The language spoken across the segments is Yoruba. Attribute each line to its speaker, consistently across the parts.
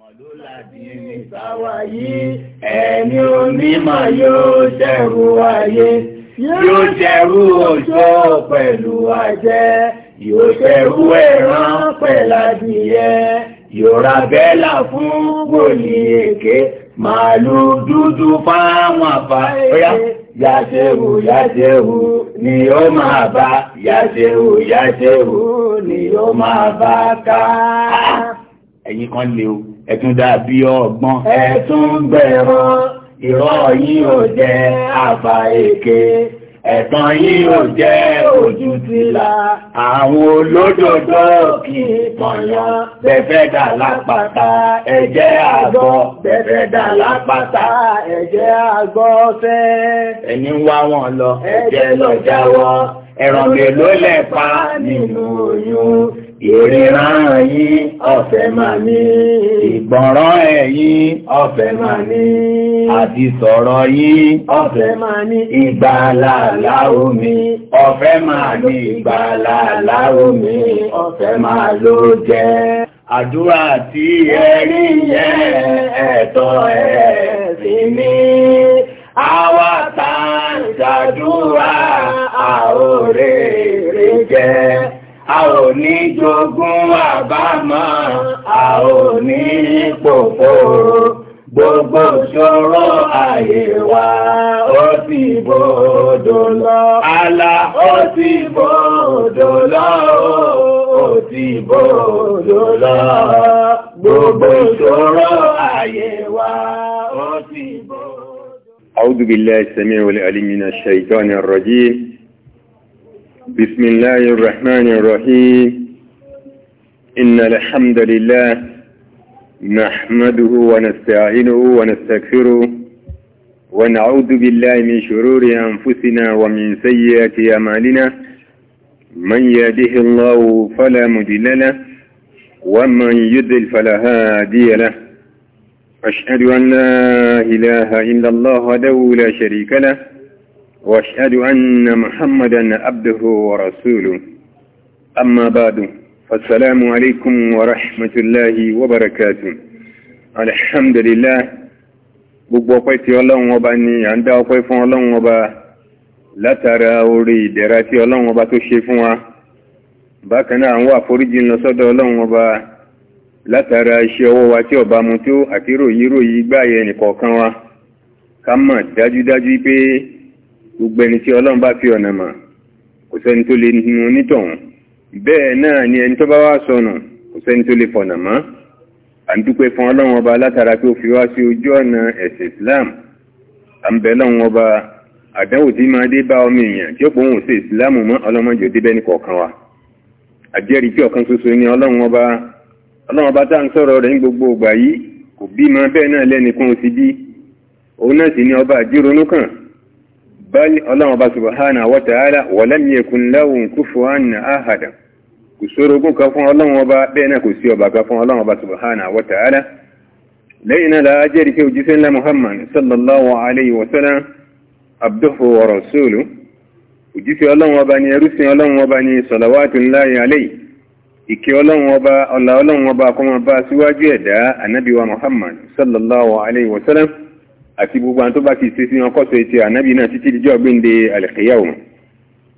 Speaker 1: ẹni onímọ̀ yóò ṣẹ̀rù ayé yóò ṣẹ̀rù òjò pẹ̀lú ajẹ́ yóò ṣẹ̀rù ẹran pẹ̀lú adìyẹ yóò ra bẹ́là fún wòlíì èké màálù dúdú fáwọn àbá ọ̀yá yàṣẹ́wò yàṣẹ́wò ni ó máa bá yàṣẹ́wò yàṣẹ́wò ni ó máa bá ká. Ah, ẹ̀yin kan lè o ẹ̀tún dàbí ọgbọ́n ẹ̀tún gbẹ̀rọ irọ́ yìí ò jẹ́ àfà èké ẹ̀tàn yìí ò jẹ́ ojú tìlà àwọn olódodo kì í pọ̀yàn bẹ̀fẹ́ dà lápàtà ẹ̀jẹ̀ àgọ́ bẹ̀fẹ́ dà lápàtà ẹ̀jẹ̀ àgọ́ fẹ́ ẹni wá wọn lọ ẹ̀jẹ̀ lọ jáwọ́ ẹ̀ràn mélòó lẹ́pa nínú oyún ìríran yìí ọ̀fẹ́ màmí ìgbọ̀nrán ẹ̀yin ọ̀fẹ́ mà ní àti sọ̀rọ̀ yín ọ̀fẹ́ mà ní ìgbàlàlà omi ọ̀fẹ́ mà ní ìgbàlàlà omi ọ̀fẹ́ mà ló jẹ́ àdúrà tí ẹ̀rí yẹn ẹ̀tọ́ ẹ̀ sí ní àwa tá ṣàdúrà àórèrè jẹ́ a ò ní jogún àbámọ̀ a ò ní pòfo gbogbo ṣòro ayé wa ó ti bòdò lọ àlà ó ti bòdò lọ ó ti bòdò lọ gbogbo ṣòro ayé wa ó ti bòdò.
Speaker 2: أعوذ بالله السميع العليم من الشيطان الرجيم بسم الله الرحمن الرحيم إن الحمد لله نحمده ونستعينه ونستغفره ونعوذ بالله من شرور أنفسنا ومن سيئات أعمالنا من يده الله فلا مضل له ومن يدل فلا هادي له أشهد أن لا إله إلا الله وحده لا شريك له واشهد ان محمدا عبده ورسوله اما بعد فالسلام عليكم ورحمه الله وبركاته الحمد لله gbogbo ọpẹ́ tí ọlọ́run ọba ni à ń dá ọpẹ́ fún ọlọ́run ọba látara orí ìdẹ̀ra tí ọlọ́run ọba tó ṣe fún wa bákan náà ń wá àforíjì lọ sọ́dọ̀ ọlọ́run ọba látara iṣẹ́ ọwọ́ wa tí ọba mu tó àti ròyìn ròyìn gbáyẹ nìkọ̀ọ̀kan wa ká mọ̀ dájúdájú pé gbogbo ẹni tí ọlọ́run bá fi ọ̀nà mà kò sẹ́ni tó lè nu onítọ̀hún bẹ́ẹ̀ náà ni ẹni tó bá wá sọnù kò sẹ́ni tó lè fọ̀nà mọ́ à ń dúpẹ́ fún ọlọ́run ọba látara pé ó fi wá sí ojú ọ̀nà ẹ̀sìn Islam à ń bẹ lọ́run ọba àdánwò tí máa dé bá ọmọ èèyàn tí ó pòun ò sí Islam mọ́ ọlọ́mọdé òdé bẹ́ẹ̀ ní kọ̀ọ̀kan wa àjẹ́rìí tí ọ̀kan ṣoṣo ni ọlọ́run ọba ọlọ́run ọba tá à ń sọ̀rọ̀ rẹ̀ ní gbogbo ìgbà yìí bal ọlọ́run bá subhanahu wa ta'ala wa lam yakun lahu kufuwan ahad kò sórogún kan fún ọlọ́run ọba bẹ́ẹ̀ náà kò sí ọba kan fún ọlọ́run ọba subhanahu wa ta'ala lẹ́yìn náà la jẹ́rìí pé òjíṣẹ́ ńlá muhammad sallallahu alayhi wa sallam abduhu wa rasuluhu òjíṣẹ́ ọlọ́run ọba ni ẹrúsìn ọlọ́run ọba ni salawatullahi alayhi ìkẹ́ ọlọ́run ọba ọlọ́run ọba kọ́mọ bá síwájú ẹ̀dá ànábì muhammad sallallahu alayhi wa sallam àti gbogbo àwọn tó bá ti ṣe sí wọn kọ́tọ̀ etí ànábì náà títí dijọ́ gbéǹde àlẹ́kẹ́yà òun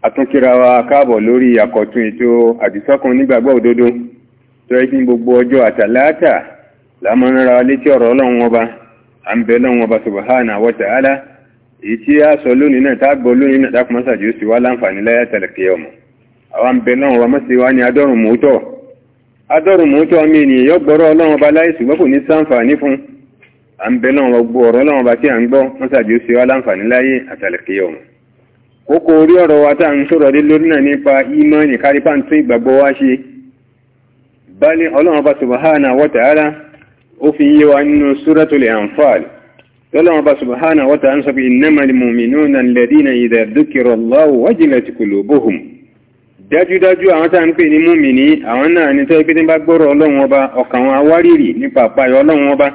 Speaker 2: àtúnkíra wa káàbọ̀ lórí àkọ́tún ètò àdìsọ́kùn nígbàgbọ́ òdodo tó yẹ kí gbogbo ọjọ́ àtàláàtà lámọ́nra létí ọ̀rọ̀ ọlọ́run ọba à ń bẹ lọ́run ọba subhana wa ta'ala èyí tí a sọ lónìí náà tágbọ́ lónìí náà dákun mọ́sàájú sí wá láǹfààní láyà tẹ̀lẹ̀kẹ́ ọmọ àwọn ń bẹ lọ́run ọba mọ́sí à ń bẹ náà wọ́n gbọ́ ọ̀rọ̀ náà bá tí à ń gbọ́ wọ́n sàbí ó ṣe wá láǹfààní láyé àtàlẹ̀kẹ́ ọ̀hún kókó orí ọ̀rọ̀ wa tá à ń sọ̀rọ̀ dé lórí náà nípa ìmánì kárípà ń tún ìgbàgbọ́ wá ṣe bá ní ọlọ́run bá subhana wa ta'ala ó fi yé wa nínú suratul anfal ọlọ́run bá subhana wa ta'ala ń sọ pé innamal mu'minuna alladhina idha dhukira Allahu wajilat qulubuhum dájúdájú àwọn tá à ń pè ní múmìnì àwọn náà ní tẹ́ pé tí bá gbọ́rọ̀ ọlọ́run ọba ọkàn wọn awárìrì nípa àpáyọ ọlọ́run ọba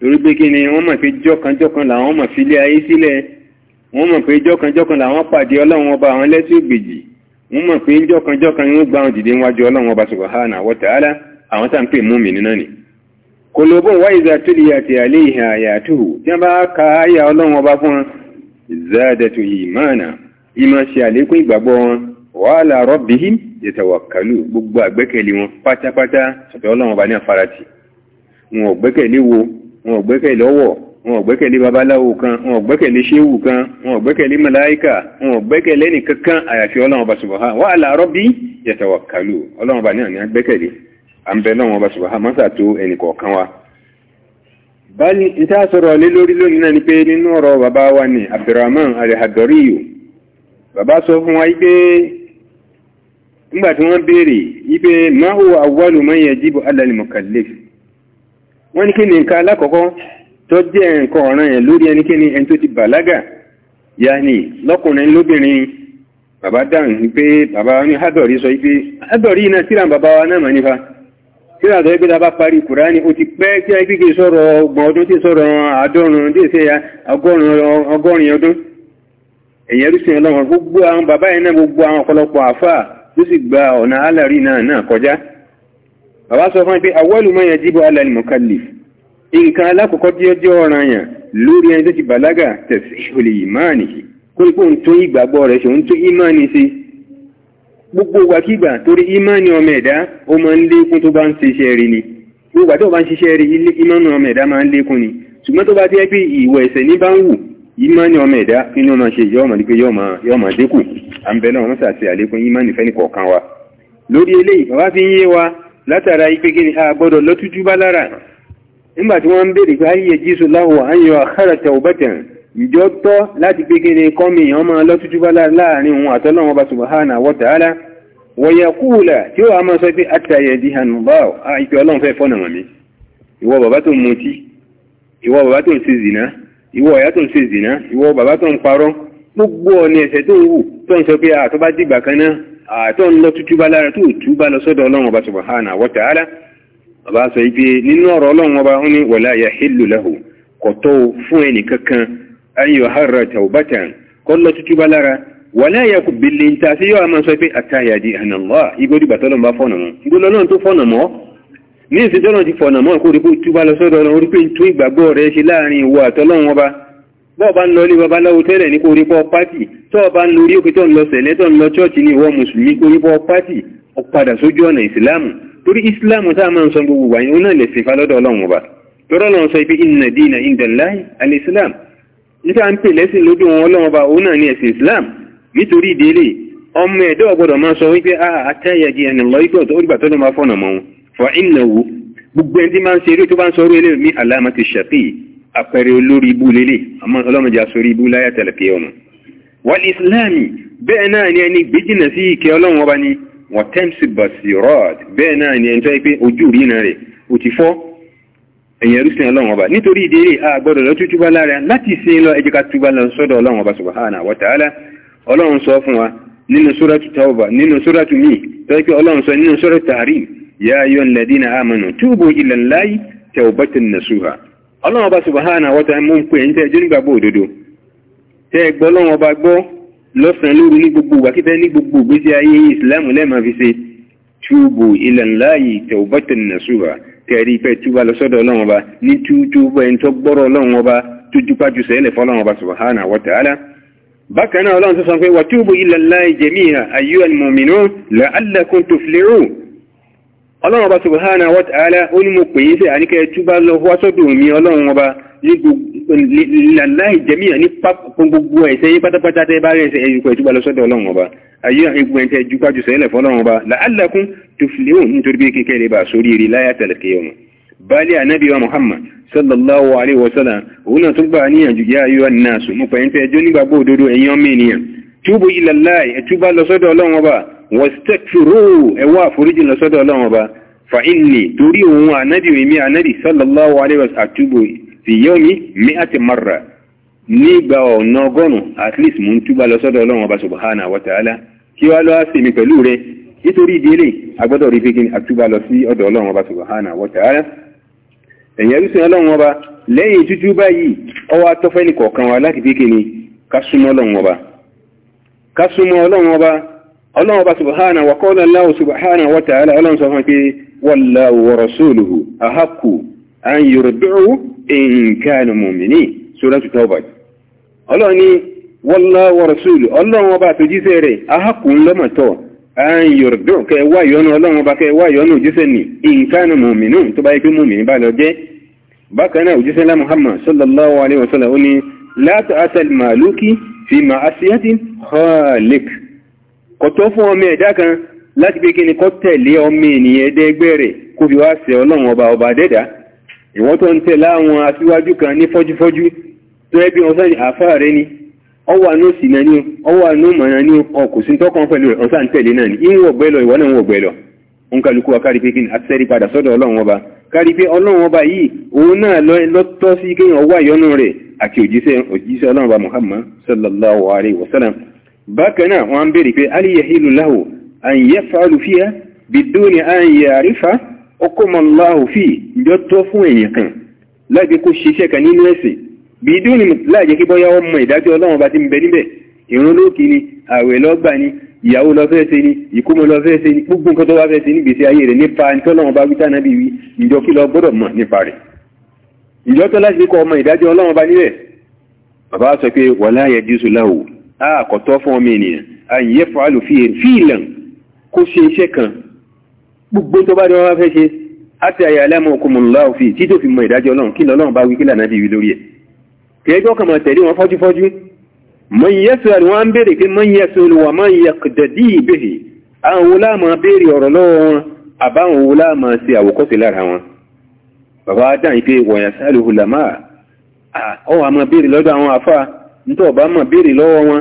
Speaker 2: torí kí ni wọ́n mọ̀ pé jọ́kanjọ́kan làwọn mọ̀ fi lé ayé sílẹ̀ wọ́n mọ̀ pé jọ́kanjọ́kan làwọn pàdé ọlọ́run ọba àwọn lẹ́sìn ògbèjì wọ́n mọ̀ pé jọ́kanjọ́kan ni wọ́n gbà wọn dìde níwájú ọlọ́run ọba subhanahu wa ta'ala àwọn tá ń pè múmi nínú ni. kòlóbó wáyé za tó lè yàtì àlẹ́ ìhà àyàtò tí wọ́n bá ka àyà ọlọ́run ọba fún wọn zádàtò ìmáànà ìmọ̀ ṣe àlékún ìgbàgbọ́ wọn wàhálà rọ́bìhìm yẹtàwàkàlù gbogbo àgbẹ́kẹ̀lé wọn pátápátá sọ̀tọ̀ ọlọ́run ọba ní àfarati wọn ò gbẹ́kẹ̀lé wo wọn ò gbẹ́kẹ̀lé ọwọ́ wọn ò gbẹ́kẹ̀lé babaláwo kan wọn ò gbẹ́kẹ̀lé kan wọn ò gbẹ́kẹ̀lé màláíkà wọn ò nìkankan àyàfi ọlọ́run ọba subahá wa wa sọ̀rọ̀ lé lórí lónìí náà ni pé nínú ọ̀rọ̀ bàbá wa ni abdulrahman alihadoriyo bàbá sọ fún wa pé nígbà wọ́n ala wọ́n ní kí ni nǹkan alákọ̀ọ́kọ́ tó jẹ́ nǹkan ọ̀ràn yẹn lórí ẹnikẹ́ni ẹni tó ti bàlágà yáni lọ́kùnrin lóbìnrin bàbá dáhùn pé bàbá ní hádọ̀rí sọ wípé hádọ̀rí iná síra bàbá wa náà mà nípa síra sọ wípé ta ó ti pẹ́ tí a gbígbé sọ̀rọ̀ ọgbọ̀n ọdún tí sọ̀rọ̀ àádọ́rùn-ún tí ọgọ́rin ọdún èyàn rí sí ọlọ́run gbogbo àwọn bàbá yẹn náà àwa sọ fún pé awọ́lù mọ́ yẹn jíbọ̀ alẹ́ mukallif nǹkan alákọ̀ọ́kọ́ tí ó jẹ́ ọ̀ràn yàn lórí ẹni tó ti bàlágà tẹ̀sí ìṣòlè ìmáàní kó ipò ń tó ìgbàgbọ́ rẹ̀ ṣe ń tó ìmáàní sí gbogbo wàkígbà torí ìmáàní ọmọ ẹ̀dá ó máa ń lékún tó bá ń ṣiṣẹ́ rí ni gbogbo àti ọba ń ṣiṣẹ́ rí ìmáàní ọmọ ẹ̀dá máa ń lékún ni ṣùgbọ́n tó bá ti ẹ́ ìwọ̀ ẹ̀sẹ̀ ní bá ń wù ìmáàní ọmọ ẹ̀dá kí ni ó máa ṣe yọ́ ọmọ nípe yọ́ máa dínkù à ń bẹ náà wọ́n ṣàṣe àlékún ìmáàní fẹ́ni kọ̀ọ̀kan wa lórí eléyìí bàbá fi ń yé wa látara ipé kí ni a gbọ́dọ̀ lọ́tújú bá lára nígbà tí wọ́n ń bèèrè pé ayé jésù láwọ̀ ayé àkàrà tẹ̀wọ̀bẹ̀tẹ̀ ìjọ tọ́ láti pé kí ni kọ́mì ọmọ lọ́tújú bá láàrin òun àtọ́lọ́wọ́n bá subhana wa ta'ala wọ̀yẹ̀ kúùlà tí ó àmọ́ sọ pé àtàyẹ̀ di hanubá ìpè ọlọ́run fẹ́ fọ́nà wọn mi ìwọ àtọ́ ń lọ tútúbá lára tó túbá lọ sọ́dọ̀ ọlọ́run ọba subhana wa ta'ala ọba sọ ipe nínú ọ̀rọ̀ ọlọ́run ọba ń ní wala yahillu lahu kọ̀tọ́ fún ẹnì kankan ayò hàrà tàwùbátà kọ́ lọ tútúbá lára wala yakub bìlì ń ta sí yóò máa sọ pé àtàyàdì ànàlọ́ igbódìgbà tọ́lọ́run bọ́ọ̀bá ń lọ ní babaláwo tẹ́lẹ̀ ní kò rípọ̀ pátì tọ́ọ̀bá ń lo orí òkè tó ń lọ sẹ̀lẹ̀ tó ń lọ chọ́ọ̀chì ní ìwọ mùsùlùmí kò rípọ̀ pátì padà sójú ọ̀nà ìsìláàmù torí ìsìláàmù tá a máa ń sọ gbogbo wáyé ó náà lè fi falọ́dọ̀ ọlọ́run ọba dina inda Allahi al-Islam nípa ń pè lẹ́sìn lójú wọn ọlọ́run Islam nítorí ìdílé ọmọ ẹ̀dọ́ ọgbọ́dọ̀ máa sọ wípé ah, àtẹ́yẹdì ẹni lọ ikọ̀ tó dìgbà tọ́dọ̀ máa fọ́nà mọ́ wọn fọ́ ìnáwó gbogbo ẹni tí máa ń ṣe eré tó bá ń sọ orí eléyìí ní alámà ti ṣàfihì àpẹẹrẹ olórí ibú lélẹ̀ àmọ́ ọlọ́mọdé asorí ibú láyà tẹ̀lẹ̀ pé ọ̀nà wal islami bẹ́ẹ̀ náà ni ẹni gbéjìnà sí ìkẹ́ ọlọ́run ọba ni wọ́n tẹ́ǹsì bàṣì rọ́ọ̀d bẹ́ẹ̀ náà ni ẹni tó yẹ pé ojú rí iná rẹ̀ ó ti fọ́ ẹ̀yìn ẹrúsìn ọlọ́run ọba nítorí ìdérè àgbọ̀dọ̀ lọ tútúbá lára láti sin lọ ẹjẹ́ ká túbá lọ sọ́dọ̀ ọlọ́run ọba subhanahu wa ta'ala ọlọ́run sọ fún wa nínú sóràtú tawba nínú sóràtú mi tó pé ọlọ́run sọ nínú sóràtú tahrim ya ayyuhal ladina amanu tubu ila llahi tawbatan nasuha ọlọ́wọ́ bá subhanahu wa ta'ala mú ń pè ń tẹ́ jẹ́ nígbàgbọ́ òdodo tẹ́ gbọ́ lọ́wọ́ bá gbọ́ lọ́sàn lóru ní gbogbo wàkítẹ́ ní gbogbo ìgbésí ayé ìsìláàmù lẹ́ẹ̀ma fi ṣe túbù ilallahi tawbatan nasuha kẹrí pẹ́ túbà lọ́sọ́dọ̀ ọlọ́wọ́ bá ní túbà ẹni tó gbọ́rọ̀ ọlọ́wọ́ bá tó jùpájú sẹ́lẹ̀ fọ́lọ́wọ́ bá subhanahu wa ta'ala bákan ọlọ́run ọba subhana wa ta'ala ó ní mo pè é sí àníkẹ́ túbá lọ wá sọ́dọ̀ mi ọlọ́run ọba láì jẹ́míyà ní gbogbo ẹ̀ṣẹ̀ yí pátápátá tẹ́ bá rẹ̀ ṣe ẹ̀yùkọ̀ ìtúbà lọ sọ́dọ̀ ọlọ́run ọba ayé egbò ẹ̀ntẹ́ jùpájù sẹ́lẹ̀ fọ́lọ́run ọba la'allakum tuflihun nítorí bí kékeré bá sórí rí láyà tẹ̀lẹ̀kẹ́ ọmọ bali anabi wa muhammad sallallahu lọ sọ́dọ̀ ọlọ́run ọba واستكفروه ايوا فرج لسد الله وبا فاني تري هو النبي مي النبي صلى الله عليه وسلم اتوب في يوم 100 مره نيبا نغونو at least mun tuba لسد الله وبا سبحانه وتعالى كي وا لو اسي مي pẹ̀lú rẹ̀ nítorí dele agbodo ri pé atuba lọ sí ọ̀dọ̀ Ọlọ́run ọba subhanahu wa ta'ala eyan Ọlọ́run ọba lẹ́yìn tutu báyìí ó wá kọ̀ọ̀kan wa láti pé kíni ká súmọ́ Ọlọ́run ọba ká súmọ́ Ọlọ́run ọba ọlọ́run ọba subhana wa qala Allahu subhana wa ta'ala ọlọ́run sọ fún pé wallahu wa rasuluhu ahaqqu an yurdu'u in kanu mu'minin suratu tawbah ọlọ́run ni wallahu wa rasuluhu ọlọ́run ọba àtòjíṣẹ́ rẹ̀ ahaqqu ńlọ́mọ̀tọ́ an yurdu'u kẹ wá yọnu ọlọ́run ọba kẹ wá yọnu òjíṣẹ́ ni in kanu mu'minin tó bá yẹ pé mu'minin bá lọ jẹ́ bákan náà òjíṣẹ́ lá Muhammad sallallahu alayhi wa sallam ó ní la ta'asal maluki fi ma'asiyatin khaliq kọtọ fún ọmọ ẹ̀dá kan láti pé kí kọ́ tẹ̀lé ọmọ ènìyàn ẹ̀dẹ́gbẹ́ rẹ̀ wá ọlọ́run ọba ọba dẹ́dà ìwọ́n tó ń tẹ̀lé àwọn aṣíwájú kan ní fọ́júfọ́jú tó ẹbí wọn sáà ní àáfàá rẹ ni ọwà ní òsì náà ní ọwà mọ̀ òmànà ní ọkọ̀ sí tọ́kàn pẹ̀lú rẹ̀ ọ̀sán tẹ̀lé náà ní ìwọ̀n ọ̀gbẹ́lọ ìwọ́n náà ọ̀gbẹ́lọ ń kálukú wa kárí pé kí ni àtẹ́rí padà sọ́dọ̀ ọlọ́run bákanáà wọ́n ń bèèrè pé aliyahilu lahu an yaf'alu fiha biduni an ya'rifa hukma Allahu fi ìjọ tó fún èèyàn kan láti kó ṣiṣẹ́ kan nínú ẹ̀sìn biduni láàjẹ́ kí bọ́yá ọmọ ìdájọ́ ọlọ́run bá ti ń bẹ níbẹ̀ ìrun lókì ni àwẹ̀ lọ́gbà ni ìyàwó lọ fẹ́ ṣe ni ìkómọ lọ fẹ́ ṣe ni gbogbo nǹkan tó wá fẹ́ ṣe ní láti kọ ọmọ ìdájọ́ ọlọ́run bá nílẹ̀ bàbá sọ pé wàláyé jésù láwùú àkọ̀tọ́ ah, fún ọmọ ènìyàn àyè fàálù fi fíìlàn kó ṣe iṣẹ́ kan gbogbo tó bá dé wọ́n fẹ́ ṣe àti àyà aláàmù okùnmùnlá òfin tí tó fi mọ ìdájọ́ ọlọ́run kí lọ́lọ́run bá wí kí lànà bíi lórí ẹ̀ kẹjọ́ kan máa tẹ̀lé wọn fọ́júfọ́jú mọ́n yẹ́sùn àni wọ́n ń béèrè pé mọ́n yẹ́sùn wà mọ́n yẹ dẹ̀dí ìbéèrè àwọn wo láàmú béèrè ọ̀rọ̀ lọ́wọ́ wọn àbáwọn wo láàmú ṣe àwòkọ́ṣe lára wọn bàbá dáhùn pé wọ̀nyà sálùhùlámà ọ̀ àmọ́ béèrè lọ́dọ̀ àwọn àfáà nítorí ọba mọ̀ béèrè lọ́wọ́ wọn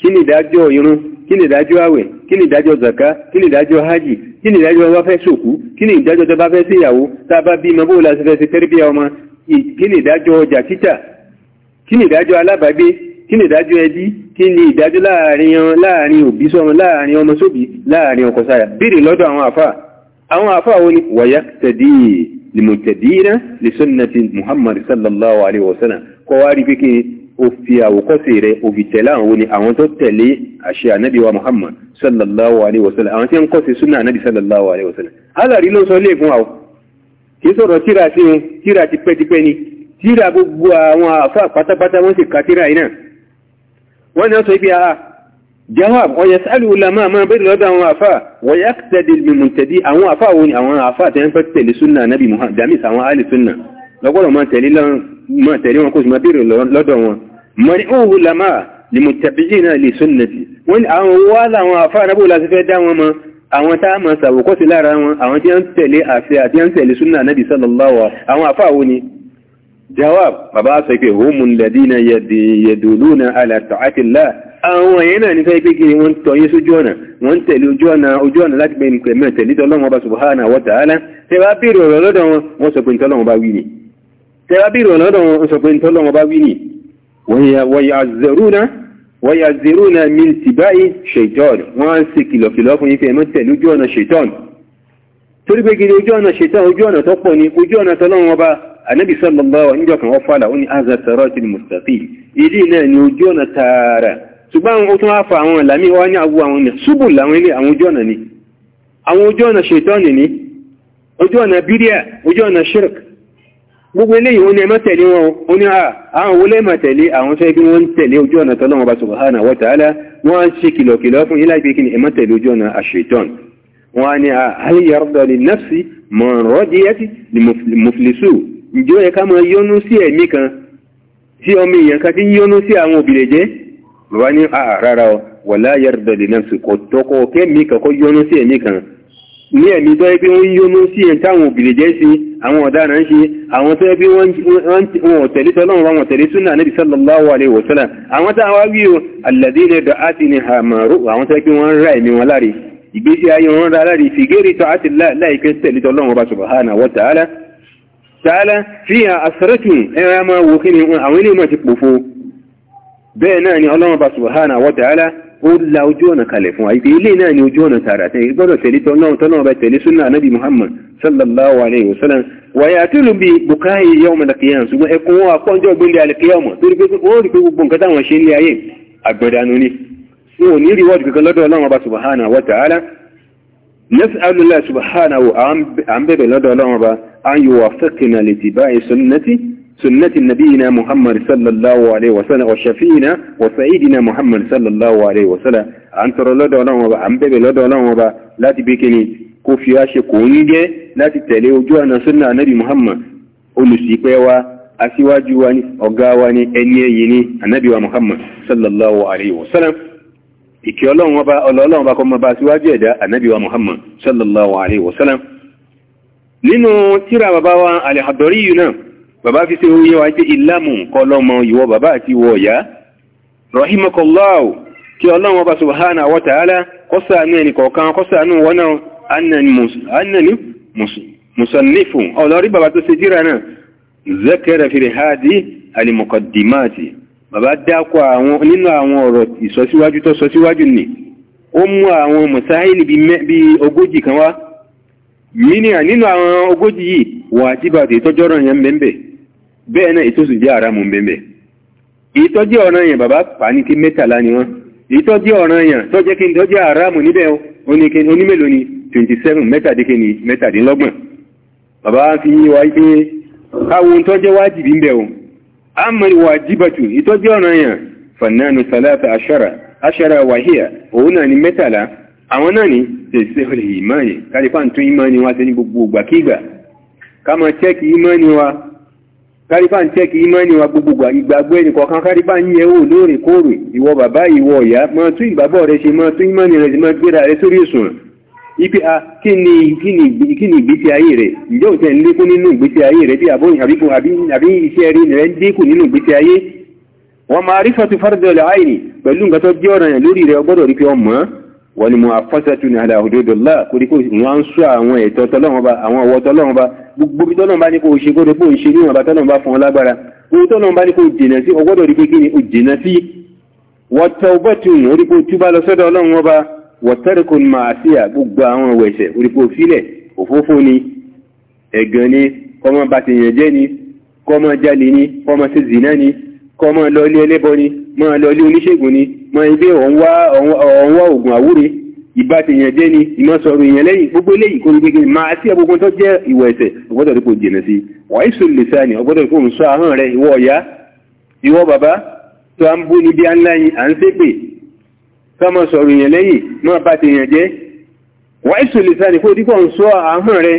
Speaker 2: kí ni ìdájọ́ irun kí ni ìdájọ́ àwẹ̀ kí ni ìdájọ́ zaka kí ni ìdájọ́ hajj kí ni ìdájọ́ bá fẹ́ ṣòkú kí ni ìdájọ́ tó bá fẹ́ sí ìyàwó tá a bá bí ọmọ bóòlù àti fẹsẹ̀ tẹ́rẹ́bíà ọmọ kí ni ìdájọ́ ọjà títà kí ni ìdájọ́ alábàágbé kí ni ìdájọ́ ẹbí kí ni ìdájọ́ láàrin òbí sọmọ láàrin ọmọ sóbí láàrin ọkọ sáyà béèrè lọ́dọ̀ àwọn àfà àwọn àfà wo ni wàyà tẹ̀dí lèmọ̀tẹ̀dí náà lè sọ́nà ti Muhammad sallallahu alaihi wasallam kọ́wárí pé kí o fi àwòkọ́ṣe rẹ̀ o fi tẹ̀lé àwọn ni àwọn tó tẹ̀lé àṣẹ ànábì wa muhammad sallallahu alayhi wa sallam àwọn tí ń kọ́ṣe súnà ànábì sallallahu alayhi wa sallam alàrí ló sọ léèfún àwọn kì í sọ̀rọ̀ tíra sí wọn tíra ti pẹ́ ti pẹ́ ni tíra gbogbo àwọn àfà pátápátá wọ́n sì ka tíra yìí náà wọ́n náà sọ ibi àá jawab ọ̀yẹ̀ sálù ulama máa bẹ́ẹ̀ lọ́dọ̀ àwọn àfà wọ́n yá mìmùtẹ̀dí àwọn àfà wo ni àwọn àfà tẹ́ ń fẹ́ tẹ̀lé súnà ànábì muhammad jamis àwọn alì súnà lọ́gbọ́dọ̀ máa tẹ̀lé lọ́rùn mọ́ tẹ̀lé wọn kó sì mọ́ bèèrè lọ́dọ̀ wọn mọ́ ní òhù lamá ni mo tẹ̀bí yìí náà lè sunnati wọ́n ni àwọn wá láwọn àfáànàbò láti fẹ́ dá wọn mọ́ àwọn tá a mọ̀ sàwòkọ́ sí lára wọn àwọn tí wọ́n tẹ̀lé àfẹ́ àti wọ́n tẹ̀lé súnà nábì sallallahu àwọn àfáàwò ni jawab bàbá sọ pé homun ladina yaduluna ala ta'atillah àwọn èèyàn náà ní sọ pé kí tẹ̀lé ojú ọ̀nà tẹ́wàbí Ronaldo ń sọ pé ń tọ́lọ́ wọn bá wí ní wọ́yàzẹ̀rúnà min ti báyìí ṣètọ́n wọ́n sì kìlọ̀kìlọ̀ fún ìfẹ́ mọ́ tẹ̀lú ojú ọ̀nà ṣètọ́n torí pé gidi ojú ọ̀nà ṣètọ́n ojú ọ̀nà tó pọ̀ ní ojú ọ̀nà tọ́lọ́wọ́n wọn bá anábì sọ́lọ́lọ́wọ́ níjọkan wọ́n fàlà ó ní azàtọ̀rọ̀ ti mustaqim ilé náà ni ojú ọ̀nà tààrà gbogbo eléyìí ó ní ẹmọ́ tẹ̀lé wọn ó ní àwọn olè mọ̀ tẹ̀lé àwọn tó ẹbí wọ́n ń tẹ̀lé ojú ọ̀nà tọ́lọ́wọ́ bá subhanahu wa ta'ala wọ́n á ṣe kìlọ̀kìlọ̀ fún ilá ìgbé kí ni ẹmọ́ tẹ̀lé ojú ọ̀nà àṣetán wọ́n á ní hal yarda li nafsi man radiyat li muflisu ǹjẹ́ ó yẹ ká ní ẹ̀mí tó ẹgbẹ́ wọ́n yíó mú sí ẹ̀ táwọn òbìlẹ̀ jẹ́ sí àwọn ọ̀daràn ń ṣe àwọn tó ẹgbẹ́ wọn ọ̀tẹ̀lé tọ́lọ́wọ́ wọn ọ̀tẹ̀lé súnà níbi sallallahu alaihi wasallam àwọn tó àwọn wíò alladhina da'atini hamaru àwọn tó ẹgbẹ́ wọn rà ẹ̀mí wọn láre ìgbésí ayé wọn rà láre fìgérí tọ́ àti láìpẹ́ tẹ̀lé tọ́lọ́wọ́ wa ta'ala ó la ojú ọ̀nà kalẹ̀ fún wa ìpè ilé náà ni ojú ọ̀nà tààrà tẹ́ gbọ́dọ̀ tẹ̀lé tọ́nà tọ́nà bẹ tẹ̀lé súnà anábì muhammad sallallahu alayhi wa sallam wàyà àtúlù bíi bukai yawm al-qiyamah ṣùgbọ́n ẹkùn wọn àpọ́njọ́ gbélé al-qiyamah torí pé wọ́n rí pé gbogbo سنة نبينا محمد صلى الله عليه وسلم وشفينا وسيدنا محمد صلى الله عليه وسلم أن ترى لدى الله عن بيبي لدى الله لا تبكني كوفي أشي كونجي لا تتلي وجوهنا سنة نبي محمد olùsìpẹ́ wa aṣíwájú wa ní ọ̀gá wa ní ẹni ẹ̀yìn ní anábíwa muhammad sallallahu alaihi wasallam ìkẹ́ ọlọ́run bá kọmọ bá aṣíwájú ẹ̀dá anábíwa muhammad sallallahu alaihi wasallam nínú tíra bàbá wa alìhàdọ̀rí yìí náà bàbá fi ṣe oyé wa pé ìlàmù kọlọmọ ìwọ bàbá àti ìwọ ọ̀yá rahimakallahu kí ọlọ́run ọba subhana wa ta'ala kọ́sàánú ẹnì kọ̀ọ̀kan kọ́sàánú wọn náà annani musannifu ọlọ́rí bàbá tó ṣe jíra náà zakara fi hadi alimokadimati bàbá dákọ̀ nínú àwọn ọ̀rọ̀ ìsọsíwájú tó sọsíwájú ni ó mú àwọn mùsáìlì bí ogójì kan wá mínìyàn nínú àwọn ogójì yìí wà àjíbàdì tọ́jọ́rọ̀ yẹn mẹ́mbẹ̀ẹ́ bẹ́ẹ̀ náà ìtòsí jẹ́ ara mú bẹ́ẹ̀ ìtọ́ jẹ́ ọ̀ràn yẹn bàbá pa ní kí mẹ́tàlá ni wọ́n ìtọ́ jẹ́ ọ̀ràn yẹn tó jẹ́ kí n tó jẹ́ ara mú níbẹ̀ onímélòó ni 27 mẹ́tàdínkì ni mẹ́tàdínlọ́gbọ̀n bàbá fi yí wa pé káwọn tó jẹ́ wájìbí bẹ̀ o amri wajibatu ìtọ́ jẹ́ ọ̀ràn yẹn fannánu salata ashara ashara wahia òun náà ni mẹ́tàlá àwọn náà ni tẹ̀síọ̀rẹ̀ ìmáàni kálífà tó ìmáàni wa tẹ́ ní gbogbo ògbàkígbà ká máa chẹ́kì ìmáàni wa káríbà ń tẹ́kì ìmọ́ni wa gbogbo ìgbàgbọ́ ẹnìkọ̀ọ̀kan káríbà ń yẹ wò lóòrèkóòrè ìwọ bàbá ìwọ ìyá mọ́ tún ìgbàgbọ́ rẹ ṣe mọ́ tún ìmọ́ni rẹ mọ́ gbéra rẹ sórí òṣùn ipe a kí ni ìgbésí ayé rẹ ìjọ òtẹ́ ń lékún nínú ìgbésí ayé rẹ bí àbí iṣẹ́ rí rẹ ń dínkù nínú ìgbésí ayé aini pẹ̀lú nǹkan tó jẹ́ ọ̀ranyàn lórí rẹ ọgbọ́dọ̀ wọ́n ni mo àfọ́sẹ́tù ní àdá òdodo láà kò rí kò wọ́n ń sọ àwọn ẹ̀tọ́ tọ́lọ́mọba àwọn ọwọ́ tọ́lọ́mọba gbogbo bí tọ́lọ́mọba ní kò ṣe kó rí kò ń ṣe níwọ̀nba tọ́lọ́mọba fún ọ lágbára gbogbo tọ́lọ́mọba ní kò jìnà sí ọgbọ́dọ̀ rí kékeré o jìnà sí wọ́tọ̀ ọgbọ́tù orí kò túbá lọ sọ́dọ̀ ọlọ́run ni ẹ̀gàn ni kọ́mọ kọ́ máa lọ ilé ẹlẹ́bọ ni máa lọ ilé oníṣègùn ni máa ń gbé ọ̀nwá oògùn àwúre ìbá ti yàn jẹ́ ni iná sọ̀rọ̀ èèyàn lẹ́yìn gbogbo eléyìí kó ní gbégbé máa sí ọgbogbo tó jẹ́ ìwọ̀ ẹ̀sẹ̀ ọgbọ́dọ̀ tó kò jìnà sí wàá ìṣòro lè sáà ní ọgbọ́dọ̀ tó ń sọ ahọ́n rẹ ìwọ ọ̀yá ìwọ bàbá tó à ń bú níbi ńlá yìí à ń ṣépè sọmọ sọ̀rọ̀ èèyàn lẹ́yìn máa bá ti yàn jẹ́ wàá ìṣòro lè sáà ní kó dípọ̀ ń sọ ahọ́n rẹ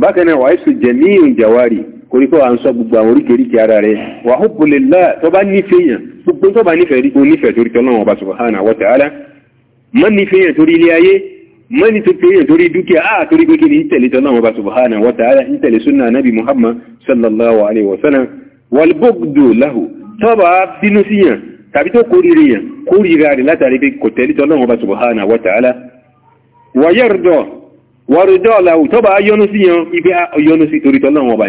Speaker 2: bákan náà wàá ìṣòro jẹ̀mí ìjàwárì orí pé wà ń sọ gbogbo àwọn oríkèéríkèé ara rẹ̀ wà ó bolè lá tó bá nífẹ̀ẹ́ yàn gbogbo tó bá nífẹ̀ẹ́ rí kó nífẹ̀ẹ́ torí tọ́lọ́ wọn bá subhanahu wa ta'ala mọ́ nífẹ̀ẹ́ yàn torí ilé ayé mọ́ nífẹ̀ẹ́ yàn torí dúkìá á torí pé kí ni ìtẹ̀lé tọ́lọ́ wọn bá subhanahu wa ta'ala ìtẹ̀lé sunna nabi muhammad sallallahu alayhi wa sallam walbogdo lahu tó bá bínú sí yàn tàbí tó kórìíre yàn kórìíra látàrí pé kò tẹ̀lé tọ́lọ́ wọn bá subhanahu wa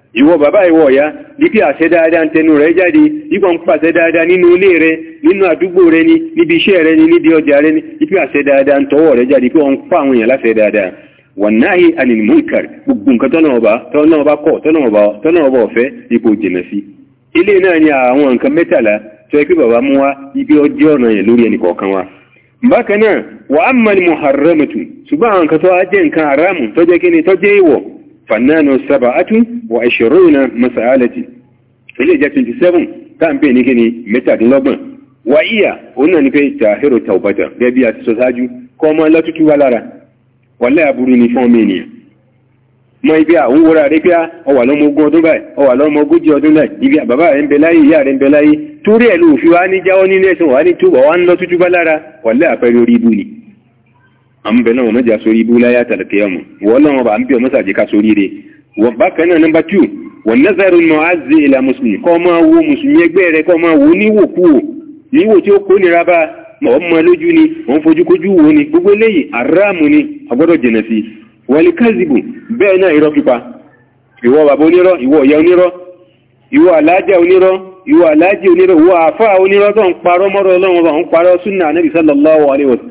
Speaker 2: ìwọ bàbá ìwọ ọ̀yá dípí àṣẹ dáadáa ń tẹnu rẹ̀ jáde dípò ń pàṣẹ dáadáa nínú ilé rẹ̀ nínú àdúgbò rẹ̀ ni níbi iṣẹ́ rẹ̀ ni níbi ọjà rẹ̀ ni dípí àṣẹ dáadáa ń tọwọ́ rẹ̀ jáde ń pa àwọn èèyàn láṣẹ dáadáa gbogbo nǹkan tọ́nà ọba tọ́nà ọba kọ̀ tọ́nà ọba ọ̀fẹ́ ipò jìnà sí ilé náà ni àwọn nǹkan mẹ́tàlá kí bàbá mú wá ibi ọjọ́ ọ̀nà wa bákan náà wà á mọ̀ ṣùgbọ́n àwọn fanánà sábà átún wà ìṣòróyìnà masáàlẹ́tì ilé ìjẹ́ 27 tàbí ní kí ni mẹ́tàdínlọ́gbọ̀n wà íyà òun náà ní pé tàhírò tàùbátà gẹ́bí àti sọ́sáájú kọ́ ọmọ lọ́tútù wá lára wà láàbúrú ní fún ọmọ ènìyàn mọ ibi àwọn wúra rẹ pé ọwà lọ́mọ ogún ọdún báyìí ọwà lọ́mọ ogójì ọdún náà ibi bàbá rẹ ń bẹ láyé ìyá rẹ ń bẹ láyé torí ẹ̀ ló fi wá ní jáwọ́ nínú ẹ̀sìn wà ní túbọ̀ wá ń lọ tútú bá lára wà àpẹẹrẹ orí ibu ni àmúbẹ̀ náà wọ́n mẹ́jà sórí ibú láyá tàlẹ̀kẹ́ ọmọ wọ́n náà wọ́n bá ń bí ọmọ sàjẹ́ ká sórí rẹ̀ wọ́n bá kan náà nọ́mbà two wọ́n nẹ́sẹ̀rù náà á zé ilà mùsùlùmí kọ́ máa wo mùsùlùmí ẹgbẹ́ rẹ̀ kọ́ máa wo níwòkuwò níwò tí ó kó nira bá ọmọ lójú ni wọ́n fojúkojú wo ni gbogbo eléyìí aráàmù ni agbọ́dọ̀ jìnà sí wọ́lì kázibu bẹ́ẹ̀ náà irọ́ pípa ìwọ bàbá onírọ́ ìwọ ìyá onírọ́ ìwọ alájà onírọ́ ìwọ alájì onírọ́ ìwọ àfáà onírọ́ tó ń parọ́ mọ́rọ́ ọlọ́run bá ń parọ́ súnà anábì sallallahu alaihi wasallam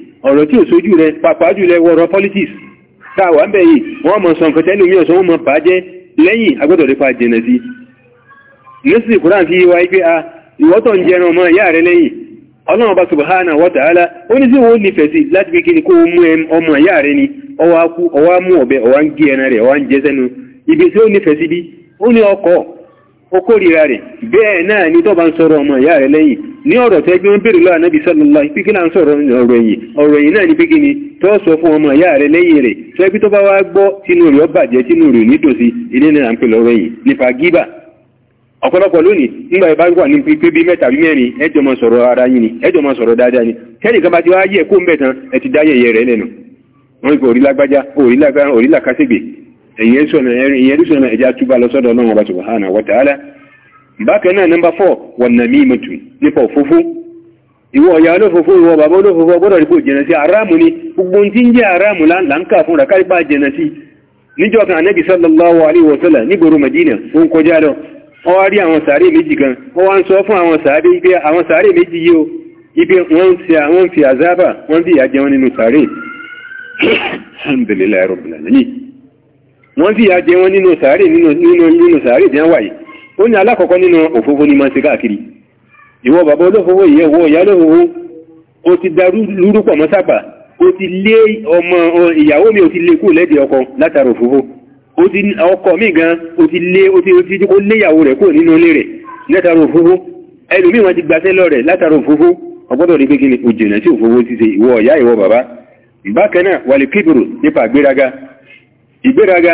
Speaker 2: ọ̀rọ̀ tí ò sójú rẹ pàápàá jùlọ wọ̀rọ̀ politics táwà ń bẹ̀ yìí wọ́n mọ̀ sọ nǹkan tẹ́lú mìíràn sọ wọ́n mọ̀ bá jẹ́ lẹ́yìn agbọ́dọ̀ lè pa jẹ̀nà sí lẹ́sìn kúrán fi wá ipé a ah, ìwọ́tọ̀ ń jẹran ọmọ ìyá rẹ lẹ́yìn ọlọ́run bá subhana wa ta'ala ó ní sí wo nífẹ̀ẹ́ sí láti fi kiri kó mú ọmọ ìyá rẹ ni ọwọ́ akú ọwọ́ mú ọ̀bẹ ọwọ́ ń gé ẹran rẹ̀ ọwọ́ ń jẹ sẹ́nu ibi tí ó nífẹ̀ẹ́ sí bí ó ní ọkọ̀ ó kórìíra rẹ̀ bẹ́ẹ̀ náà ni tó bá ń sọ̀rọ̀ ọmọ ìyá rẹ lẹ́yìn ní ọ̀rọ̀ tẹ́ gbé ń bèèrè lọ́wọ́ anábì sallallahu pé kí là ń sọ̀rọ̀ ọ̀rọ̀ ẹ̀yìn ọ̀rọ̀ ẹ̀yìn náà ní pé kí ni tó sọ fún ọmọ ìyá rẹ̀ lẹ́yìn rẹ̀ tó ẹgbẹ́ tó bá wá gbọ́ tínú rẹ̀ ó bàjẹ́ tínú rẹ̀ nítòsí ilé náà ń pè lọ́rọ̀ ẹ̀yìn nípa ara yín ni ẹjọ́ máa sọ̀rọ̀ dáadáa ni kẹ́nìkan bá ti wá yẹ kó ń bẹ̀ tán ẹ ti dá yẹ̀yẹ̀ rẹ̀ lẹ́nu wọn kò rí lágbájá wa bákan náà nọ́mbà fọ́ wọ̀nà mímọ̀tù nípa òfófó ìwọ ọ̀yà olófófó ìwọ bàbá olófófó gbọ́dọ̀ rí pò jẹ́nà sí aráàmù ni gbogbo tí ń jẹ́ aráàmù láǹkà fún ràkàrípà jẹ́nà sí níjọ́ kan anẹ́bì sallallahu alaihi wasallam nígboro Madina ó ń kọjá lọ ó wá rí àwọn sàárè méjì kan ó wá ń sọ fún àwọn sàárè pé àwọn sàárè méjì yìí o ibi wọ́n fi àzábà wọ́n fi ìyà jẹ wọn nínú sàárè alhamdulillahi rabbil alamin wọ́n fi ìyà jẹ nínú sàárè nínú sàárè jẹ́ wáyìí ó ní alákọ̀ọ́kọ́ nínú òfófó ní máa ṣe káàkiri ìwọ bàbá olófófó ìyẹ́ owó ìyá olófófó ó ti darú lúrúpọ̀ mọ́ sápà ó ti lé ọmọ ìyàwó mi ó ti lé kúrò lẹ́dẹ̀ ọkọ látara òfófó ó ti ọkọ mi gan ó ti lé ó ti ó lé rẹ̀ kúrò nínú ilé rẹ̀ ni òjìnà tí òfófó ti ṣe ìwọ ìyá ìwọ bàbá bákan náà wàlẹ̀ kíbrù nípa ìgbéraga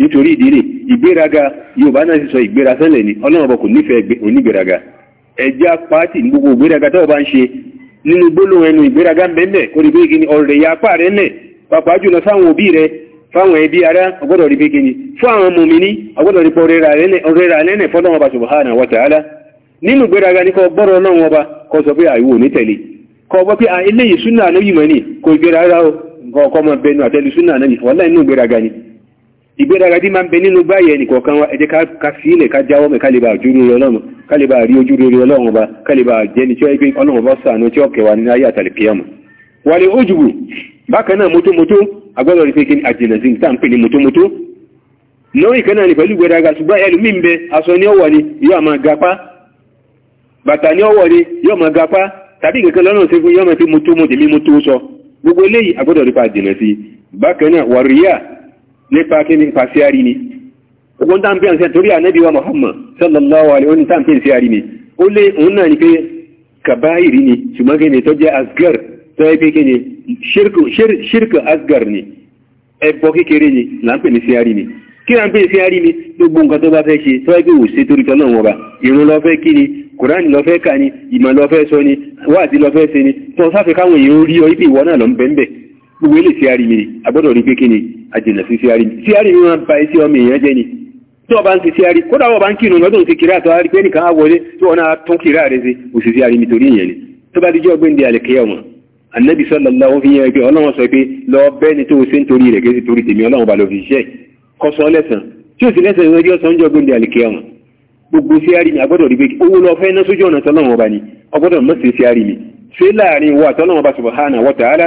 Speaker 2: nítorí ìdílé ìgbéraga yorùbá náà sì sọ ìgbéra sẹ́lẹ̀ ni ọlọ́run ọba kò nífẹ̀ẹ́ onígbéraga ẹ̀já pàtì ní gbogbo ìgbéraga tó bá ń ṣe nínú gbólóhùn ẹnu ìgbéraga mẹ́mẹ́ kó rí bíi ọ̀rẹ́ ya apá rẹ̀ mẹ́ pàápàá jùlọ fáwọn òbí rẹ̀ fáwọn ẹbí ara ọgbọ́dọ̀ rí bíi kíni fún àwọn ọmọ mi ní ọgbọ́dọ̀ rí ọ̀rẹ́ rà lẹ́nẹ̀ fọ́lọ́run ọba subhanahu ìgbéraga tí máa ń bẹ nínú báyẹ̀ nìkọ̀ọ̀kan wa ẹ jẹ́ ká fílẹ̀ ká jáwọ́ mẹ́ kálíbà ojúrere ọlọ́run kálíbà rí ojúrere ọlọ́run ọba kálíbà jẹni tí ó gbé ọlọ́run ọba sànú tí ọkẹ̀ wà ní ayé àtàlẹ̀ kíyàmù wàlẹ̀ ojúbù bákan náà mótómótó agbọ́dọ̀ rí pékin àjìnàzí tá à ń pè ní mótómótó náà ìkan náà ní pẹ̀lú ìgbéraga ṣùgbọ́n ẹlòmíì ń bẹ aṣọ ní ọwọ́ ni yóò máa gapá bàtà ní ọwọ́ ni yóò máa gapá nípa kí ni pàṣẹ àrí ni ogun tá ń pè torí ànábì wa Muhammad sallallahu alaihi wasallam tá ń pè àṣẹ àrí ni ó lé òun náà ni pé kàbáyìrí ni ṣùgbọ́n kí ni tó jẹ́ asgar tó yẹ kí ni ṣírkù asgar ni ẹbọ kékeré ni là ń pè ní sí àrí ni kí là ń pè sí àrí ni gbogbo nǹkan tó bá fẹ́ ṣe tó yẹ pé òṣè torí tọ́lọ́ wọn ba ìrún lọ fẹ́ kí ni kùránì lọ fẹ́ kà ni ìmọ̀ lọ fẹ́ sọ ni wáàdí lọ fẹ́ ṣe ni tó sáfẹ́ káwọn èèyàn rí ọ ibi ìwọ náà lọ ń bẹ́ńbẹ́ gbogbo ilé tí e a rí mi ni agbọ́dọ̀ rí pé kí ni àjìnà sí síárì mi síárì mi máa ba iṣẹ́ ọmọ èèyàn jẹ́ ni tí wọ́n bá ń ti síárì e, kódà wọ́n bá ń kírun lọ́dún ti kiri àtọ́ àrígbé nìkan á wọlé tí wọ́n náà tún kiri ààrẹ ṣe òsì síárì mi e torí ìyẹn ni tó bá di jọ́ gbéǹde àlẹ́kẹ́yà wọn ànábì sallallahu fi yẹn pé ọlọ́run sọ pé lọ bẹ́ni tó ṣe ń torí rẹ̀ kí torí tèmi ọlọ́run bá lọ fi ṣiṣẹ́ kọsán lẹ́sàn tí ó sì lẹ́sàn ìwé ọjọ́ sanjọ́ gbéǹde àlẹ́kẹ́yà wọn gbogbo ni ọgbọ́dọ̀ mọ̀ sí síárì mi ṣé láàrin wa tọ́lọ́run ọba subhanahu wa ta'ala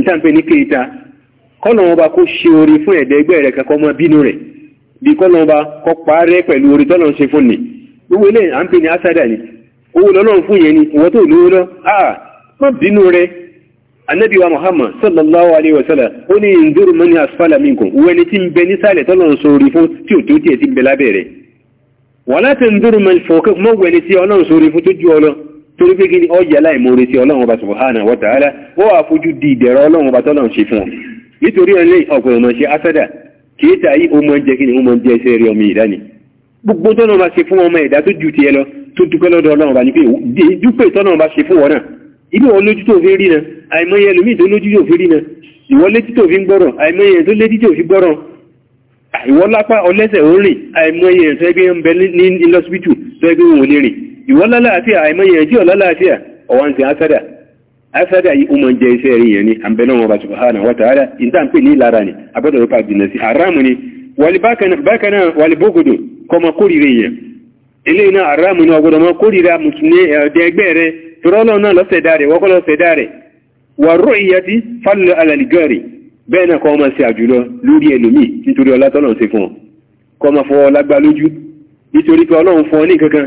Speaker 2: ìtànpẹ́ ní kéta kọ́nà ọba kó ṣe orí fún ẹ̀dẹ́gbẹ́ rẹ̀ kankan mọ́ bínú rẹ̀ bí kọ́nà ọba kọ́ parẹ́ pẹ̀lú orí tọ́nà ṣe fún ni owó ilé à ń pè ní asada ni owó lọ́lọ́run fún yẹn ni ìwọ́n tó lówó lọ àà ah, mọ́ bínú rẹ̀ Ànábì Muhammad sallallahu alaihi wasallam ó ní ìdúró mọ́ ní asfala minkum owó ẹni tí ń bẹ nísàlẹ̀ tọ́nà sọ orí fún tí ò tó tiẹ̀ ti ń bẹ lábẹ́ rẹ̀ wà láti ń dúró mọ́ ìfọ̀kẹ́ mọ́wọ́ ẹni tí ọlọ́run sọ orí fún tó ju ọlọ́ torí pé kí ni ọjà láìmoore sí ọlọ́run ọba subhanahu wa ta'ala ó wà fojú di ìdẹ̀rọ ọlọ́run ọba tọ́lọ́run ṣe fún ọ nítorí ẹlẹ́yìn ọ̀pọ̀ ọmọ ṣe ásádà kì í ta yí ó máa ń jẹ kí ni ó máa ń jẹ ẹsẹ̀ rẹ ọmọ ìdá ni gbogbo tọ́nà ọba ṣe fún ọmọ ẹ̀dá tó ju tiẹ̀ lọ tó dúpẹ́ lọ́dọ̀ ọlọ́run ọba ni pé dúpẹ́ tọ́nà ọba ṣe fún na àìmọye ẹlòmíì tó lójú tó fi rí na ìwọ létí tó fi ń gbọ́rọ̀ àìmọye ẹ̀ tó létí tó fi gbọ́rọ̀ ìwọ́ lálàáfíà àìmọye ẹ̀jí ọ̀lálàáfíà ọ̀wọ́n ti ásádà asada yìí ó mọ̀ jẹ́ iṣẹ́ rí yẹn ni àbẹ̀lẹ̀ wọn bá subhanahu wa ìdáǹpẹ̀ ní ìlara ni àbẹ̀dọ̀ ló pa jìnà sí haramu ni wàlì bákan náà wàlì bógodò kọ́ mọ kórìíre yẹn eléyìí náà haramu ni ọgbọ́dọ̀ mọ kórìíra mùsùlùmí ẹ̀ẹ́dẹ́ ẹgbẹ́ rẹ tọ́lọ́ náà lọ́sẹ̀dá rẹ̀ wọ́kọ́ lọ́sẹ̀dá rẹ̀ wà rọ́ ìyàtí fálọ́ alàlìgọ́rì bẹ́ẹ̀ náà kọ́ ọmọ sí àjùlọ lórí ẹlòmíì nítorí ọlá tọ́lọ́ ń ṣe ní kankan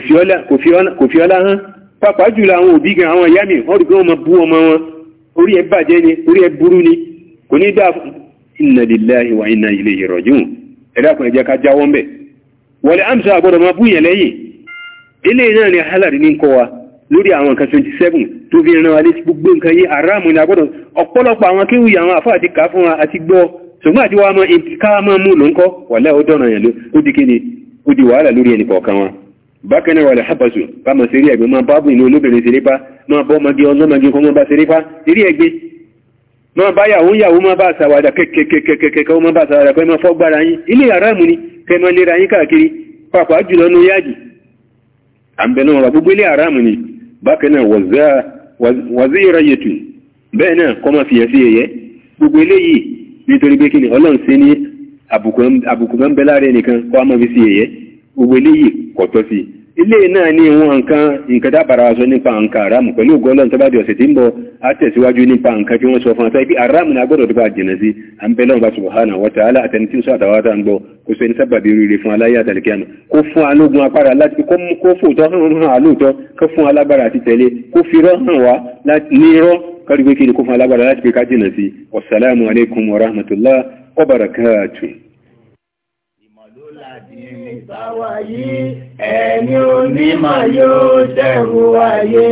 Speaker 2: kò fi ọlá hán pàápàá jùlọ àwọn òbí gan àwọn ìyá mi wọ́n rí pé wọ́n máa bú ọmọ wọn orí ẹ bàjẹ́ ni orí ẹ burú ni kò ní dáa fún inna lillahi wa inna ilayhi raji'un ẹ̀dàkùn ẹ̀jẹ́ ká jáwọ́ mbẹ̀ wọlé amsa àgbọ̀dọ̀ máa bú yẹn lẹ́yìn ilé náà ni halari ní kọ́ wa lórí àwọn nǹkan 27 tó fi ran alé gbogbo nǹkan yí aráàmù ní agbọ́dọ̀ ọ̀pọ̀lọpọ̀ àwọn kéwì àwọn àfáà ti kà fún wa àti gbọ́ ṣùgbọ́n àti wá mọ́ ká mọ́ mú ló ń kọ́ wà bákan náà wà lè hápasù ká mọ̀ sírí ẹ̀gbẹ́ máa bábù ìlú olóbìnrin sírí pa máa bọ́ ọmọge ọlọ́mọge kọ́ mọ́ bá sírí pa sírí ẹ̀gbẹ́ máa bá yàwó yàwó máa bá àsàwàdà kẹ́kẹ́kẹ́kẹ́kẹ́ máa bá àsàwàdà kọ́ máa fọ́gbára yín ilé àrámù ni kẹ́ máa lera yín káàkiri pàpà jùlọ nú yáàjì àǹbẹ̀ náà gbogbo ilé gbogbo eléyìí kọ̀tọ́ sí ilé náà ní wọn nǹkan nǹkan dábàrà wa sọ nípa nǹkan àrámù pẹ̀lú ògọ́lọ́n tó bá di ọ̀sẹ̀ tí ń bọ̀ á tẹ̀síwájú nípa nǹkan tí wọ́n sọ fún àtàkì àrámù náà gbọ́dọ̀ tó bá jìnà sí à ń bẹ lọ́wọ́ bá subhanahu wa ta'ala àtẹni tí ó sọ àtàwátà ń gbọ́ kó sọ ẹni sábàbí rere fún aláyé àtàlẹ́kẹ́nu kó fún alógun apára láti kó fòótọ́ hàn alóòótọ́ kó fún alágbára àti tẹ̀lé kó fi rọ́ hàn wá ní rọ́ kọ́rí pé kí ni kó fún alágbára láti pé ká jìnà sí wassalamu alaikum wa rahmatullah wa barakatuh
Speaker 1: àdìrìtàwà yìí ẹni onímọ̀ yóò dẹ̀rù ayé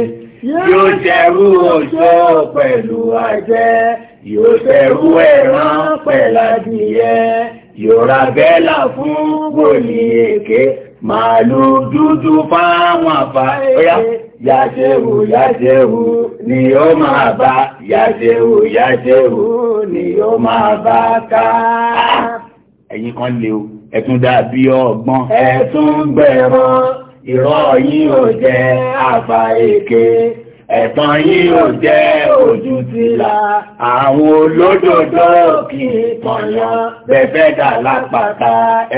Speaker 1: yóò dẹ̀rù òjò pẹ̀lú ajẹ́ yóò dẹ̀rù ẹran pẹ̀lú adìyẹ yóò ra bẹ́là fún wòlíì èké màálù dúdú fáwọn àbá ọ̀yá yàjẹ̀wò yàjẹ̀wò ni ó máa bá yàjẹ̀wò yàjẹ̀wò ni ó máa bá ká. Ah, ẹ̀yin kan lè o ẹ̀tún dàbí ọgbọ́n ẹ̀tún gbẹ̀rọ ìrọ̀ yìí ò jẹ́ àfà èké ẹ̀tàn yìí ò jẹ́ ojú tìlà àwọn olódodo kì í pọ̀nyán bẹ̀fẹ́ dà lápàtà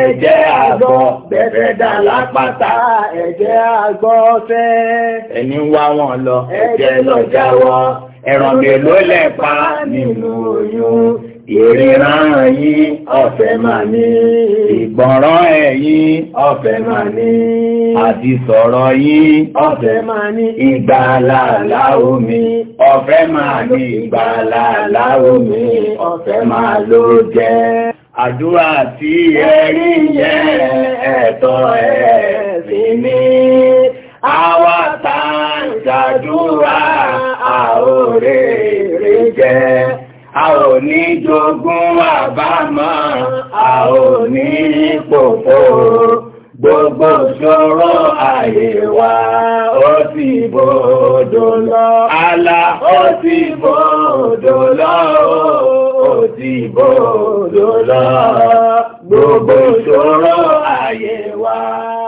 Speaker 1: ẹ̀jẹ̀ àgbọ̀ bẹ̀fẹ́ dà lápàtà ẹ̀jẹ̀ àgbọ̀ fẹ́. ẹni wá wọn lọ ẹ̀jẹ̀ lọ jáwọ́ ẹ̀ràn pa nínú oyún ìríran yín ọ̀fẹ́ máa ní ìgbọ̀nrán ẹ̀yin ọ̀fẹ́ máa ní àti sọ̀rọ̀ yín ọ̀fẹ́ máa ní ìgbàlàlá omi ọ̀fẹ́ máa ní ìgbàlàlá omi ọ̀fẹ́ máa ló jẹ́ àdúrà tí ẹ̀rí yẹn ẹ̀tọ́ ẹ̀ sí ní àwa tá ń ṣàdúrà àórèrè jẹ́ ò ní jogún àbámọ̀, a ò ní pòfo. Gbogbo ṣòro ayé wa, ó ti bòdò lọ. Àlà ó ti bòdò lọ, ó ti bòdò lọ. Gbogbo ṣòro ayé wa.